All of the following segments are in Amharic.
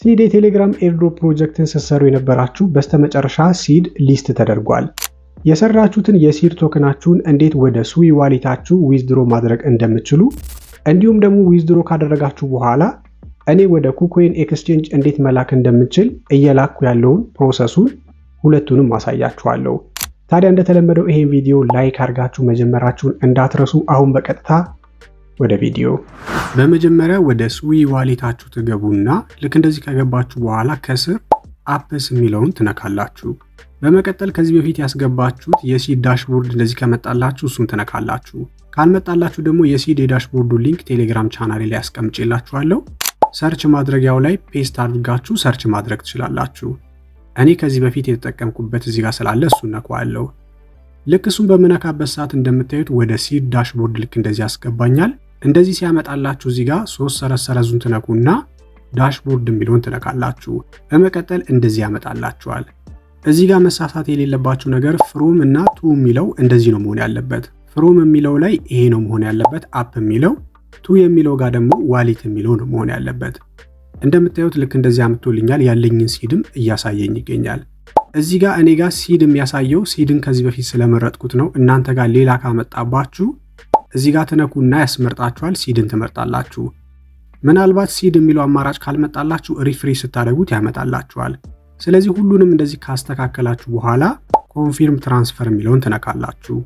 ሲድ የቴሌግራም ኤርድሮፕ ፕሮጀክትን ስትሰሩ የነበራችሁ በስተመጨረሻ ሲድ ሊስት ተደርጓል። የሰራችሁትን የሲድ ቶክናችሁን እንዴት ወደ ሱዊ ዋሌታችሁ ዊዝድሮ ማድረግ እንደምትችሉ እንዲሁም ደግሞ ዊዝድሮ ካደረጋችሁ በኋላ እኔ ወደ ኩኮይን ኤክስቼንጅ እንዴት መላክ እንደምችል እየላኩ ያለውን ፕሮሰሱን ሁለቱንም ማሳያችኋለሁ። ታዲያ እንደተለመደው ይሄን ቪዲዮ ላይክ አድርጋችሁ መጀመራችሁን እንዳትረሱ። አሁን በቀጥታ ወደ ቪዲዮ በመጀመሪያ ወደ ስዊ ዋሌታችሁ ትገቡና ልክ እንደዚህ ከገባችሁ በኋላ ከስር አፕስ የሚለውን ትነካላችሁ። በመቀጠል ከዚህ በፊት ያስገባችሁት የሲድ ዳሽቦርድ እንደዚህ ከመጣላችሁ እሱን ትነካላችሁ። ካልመጣላችሁ ደግሞ የሲድ የዳሽቦርዱ ሊንክ ቴሌግራም ቻናሌ ላይ ያስቀምጬላችኋለሁ። ሰርች ማድረጊያው ላይ ፔስት አድርጋችሁ ሰርች ማድረግ ትችላላችሁ። እኔ ከዚህ በፊት የተጠቀምኩበት እዚህ ጋር ስላለ እሱን ነካዋለሁ። ልክ እሱን በምነካበት ሰዓት እንደምታዩት ወደ ሲድ ዳሽቦርድ ልክ እንደዚህ ያስገባኛል። እንደዚህ ሲያመጣላችሁ እዚህ ጋር ሶስት ሰረዝ ሰረዙን ትነኩና ዳሽቦርድ የሚለውን ትነካላችሁ። በመቀጠል እንደዚህ ያመጣላችኋል። እዚህ ጋር መሳሳት የሌለባችሁ ነገር ፍሮም እና ቱ የሚለው እንደዚህ ነው መሆን ያለበት። ፍሮም የሚለው ላይ ይሄ ነው መሆን ያለበት አፕ የሚለው ቱ የሚለው ጋር ደግሞ ዋሊት የሚለው ነው መሆን ያለበት። እንደምታዩት ልክ እንደዚህ አምጥቶልኛል። ያለኝን ሲድም እያሳየኝ ይገኛል። እዚህ ጋር እኔ ጋር ሲድ የሚያሳየው ሲድን ከዚህ በፊት ስለመረጥኩት ነው። እናንተ ጋር ሌላ ካመጣባችሁ እዚህ ጋር ትነኩና ያስመርጣችኋል። ሲድን ትመርጣላችሁ። ምናልባት ሲድ የሚለው አማራጭ ካልመጣላችሁ ሪፍሬሽ ስታደርጉት ያመጣላችኋል። ስለዚህ ሁሉንም እንደዚህ ካስተካከላችሁ በኋላ ኮንፊርም ትራንስፈር የሚለውን ትነካላችሁ።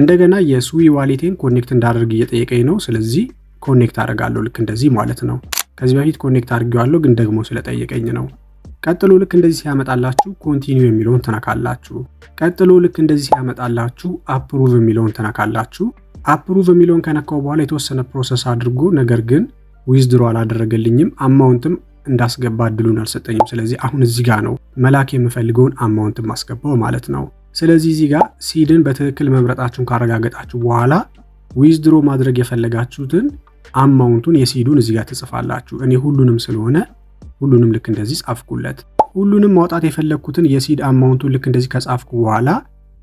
እንደገና የሱዊ ዋሌቴን ኮኔክት እንዳደርግ እየጠየቀኝ ነው። ስለዚህ ኮኔክት አደርጋለሁ። ልክ እንደዚህ ማለት ነው። ከዚህ በፊት ኮኔክት አድርጌዋለሁ ግን ደግሞ ስለጠየቀኝ ነው። ቀጥሎ ልክ እንደዚህ ሲያመጣላችሁ ኮንቲኒው የሚለውን ትነካላችሁ። ቀጥሎ ልክ እንደዚህ ሲያመጣላችሁ አፕሩቭ የሚለውን ትነካላችሁ። አፕሩቭ የሚለውን ከነካው በኋላ የተወሰነ ፕሮሰስ አድርጎ ነገር ግን ዊዝድሮ አላደረገልኝም፣ አማውንትም እንዳስገባ እድሉን አልሰጠኝም። ስለዚህ አሁን እዚህ ጋር ነው መላክ የምፈልገውን አማውንትም አስገባው ማለት ነው። ስለዚህ እዚህ ጋር ሲድን በትክክል መምረጣችሁን ካረጋገጣችሁ በኋላ ዊዝድሮ ማድረግ የፈለጋችሁትን አማውንቱን የሲዱን እዚህ ጋር ትጽፋላችሁ። እኔ ሁሉንም ስለሆነ ሁሉንም ልክ እንደዚህ ጻፍኩለት። ሁሉንም ማውጣት የፈለግኩትን የሲድ አማውንቱን ልክ እንደዚህ ከጻፍኩ በኋላ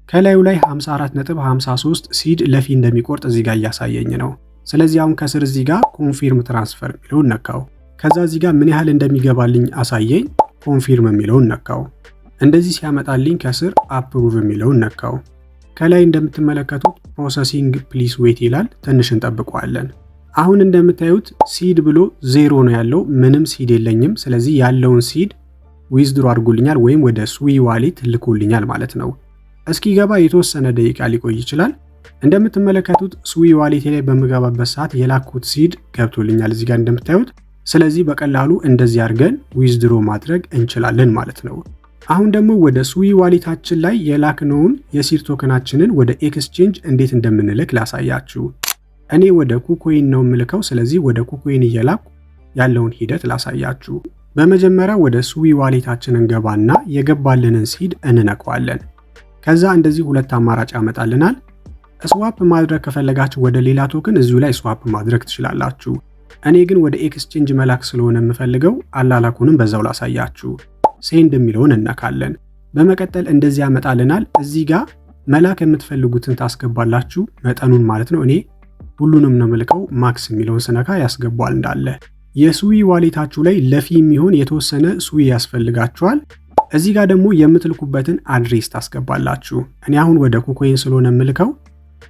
ከላዩ ላይ 54.53 ሲድ ለፊ እንደሚቆርጥ እዚህ ጋር እያሳየኝ ነው። ስለዚህ አሁን ከስር እዚህ ጋር ኮንፊርም ትራንስፈር የሚለውን ነካው። ከዛ እዚህ ጋር ምን ያህል እንደሚገባልኝ አሳየኝ፣ ኮንፊርም የሚለውን ነካው። እንደዚህ ሲያመጣልኝ ከስር አፕሩቭ የሚለውን ነካው። ከላይ እንደምትመለከቱት ፕሮሰሲንግ ፕሊስ ዌት ይላል። ትንሽ እንጠብቀዋለን። አሁን እንደምታዩት ሲድ ብሎ ዜሮ ነው ያለው። ምንም ሲድ የለኝም። ስለዚህ ያለውን ሲድ ዊዝድሮ አድርጎልኛል ወይም ወደ ስዊ ዋሊት ልኩልኛል ማለት ነው። እስኪገባ የተወሰነ ደቂቃ ሊቆይ ይችላል። እንደምትመለከቱት ስዊ ዋሌቴ ላይ በምገባበት ሰዓት የላኩት ሲድ ገብቶልኛል እዚጋ እንደምታዩት። ስለዚህ በቀላሉ እንደዚህ አድርገን ዊዝድሮ ማድረግ እንችላለን ማለት ነው። አሁን ደግሞ ወደ ስዊ ዋሌታችን ላይ የላክነውን የሲድ ቶከናችንን ወደ ኤክስቼንጅ እንዴት እንደምንልክ ላሳያችሁ። እኔ ወደ ኩኮይን ነው የምልከው። ስለዚህ ወደ ኩኮይን እየላኩ ያለውን ሂደት ላሳያችሁ። በመጀመሪያ ወደ ስዊ ዋሌታችን እንገባና የገባልንን ሲድ እንነቀዋለን። ከዛ እንደዚህ ሁለት አማራጭ ያመጣልናል። ስዋፕ ማድረግ ከፈለጋችሁ ወደ ሌላ ቶክን እዚሁ ላይ ስዋፕ ማድረግ ትችላላችሁ። እኔ ግን ወደ ኤክስቼንጅ መላክ ስለሆነ የምፈልገው አላላኩንም በዛው ላሳያችሁ። ሴንድ የሚለውን እነካለን። በመቀጠል እንደዚህ ያመጣልናል። እዚህ ጋር መላክ የምትፈልጉትን ታስገባላችሁ፣ መጠኑን ማለት ነው። እኔ ሁሉንም ነው ምልከው። ማክስ የሚለውን ስነካ ያስገቧል እንዳለ። የሱዊ ዋሌታችሁ ላይ ለፊ የሚሆን የተወሰነ ሱዊ ያስፈልጋችኋል። እዚህ ጋር ደግሞ የምትልኩበትን አድሬስ ታስገባላችሁ። እኔ አሁን ወደ ኩኮይን ስለሆነ የምልከው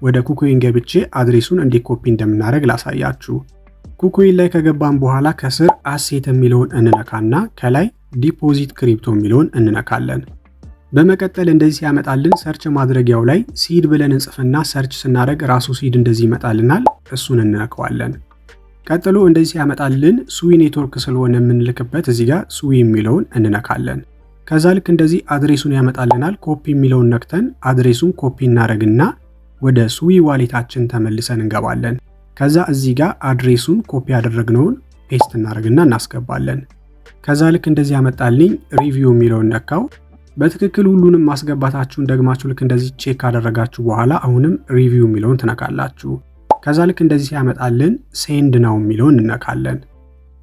ወደ ኩኮይን ገብቼ አድሬሱን እንዴት ኮፒ እንደምናደርግ ላሳያችሁ። ኩኮይን ላይ ከገባን በኋላ ከስር አሴት የሚለውን እንነካና ከላይ ዲፖዚት ክሪፕቶ የሚለውን እንነካለን። በመቀጠል እንደዚህ ሲያመጣልን ሰርች ማድረጊያው ላይ ሲድ ብለን እንጽፍና ሰርች ስናደርግ ራሱ ሲድ እንደዚህ ይመጣልናል። እሱን እንነካዋለን። ቀጥሎ እንደዚህ ሲያመጣልን ሱዊ ኔትወርክ ስለሆነ የምንልክበት እዚህ ጋር ሱዊ የሚለውን እንነካለን። ከዛ ልክ እንደዚህ አድሬሱን ያመጣልናል። ኮፒ የሚለውን ነክተን አድሬሱን ኮፒ እናደረግና ወደ ስዊ ዋሌታችን ተመልሰን እንገባለን። ከዛ እዚህ ጋር አድሬሱን ኮፒ ያደረግነውን ፔስት እናደረግና እናስገባለን። ከዛ ልክ እንደዚህ ያመጣልኝ ሪቪው የሚለውን ነካው። በትክክል ሁሉንም ማስገባታችሁን ደግማችሁ ልክ እንደዚህ ቼክ ካደረጋችሁ በኋላ አሁንም ሪቪው የሚለውን ትነካላችሁ። ከዛ ልክ እንደዚህ ያመጣልን ሴንድ ነው የሚለውን እንነካለን።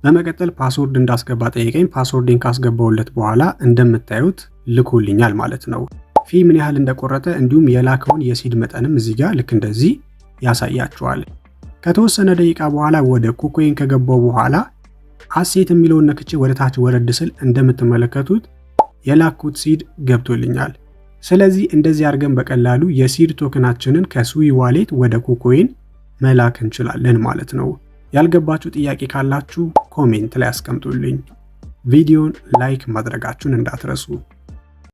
በመቀጠል ፓስወርድ እንዳስገባ ጠየቀኝ። ፓስወርድን ካስገባውለት በኋላ እንደምታዩት ልኮልኛል ማለት ነው። ፊ ምን ያህል እንደቆረጠ እንዲሁም የላከውን የሲድ መጠንም እዚህ ጋር ልክ እንደዚህ ያሳያችኋል። ከተወሰነ ደቂቃ በኋላ ወደ ኩኮይን ከገባው በኋላ አሴት የሚለውን ነክቼ ወደ ታች ወረድ ስል እንደምትመለከቱት የላኩት ሲድ ገብቶልኛል። ስለዚህ እንደዚህ አድርገን በቀላሉ የሲድ ቶክናችንን ከሱዊ ዋሌት ወደ ኩኮይን መላክ እንችላለን ማለት ነው። ያልገባችሁ ጥያቄ ካላችሁ ኮሜንት ላይ አስቀምጡልኝ። ቪዲዮን ላይክ ማድረጋችሁን እንዳትረሱ።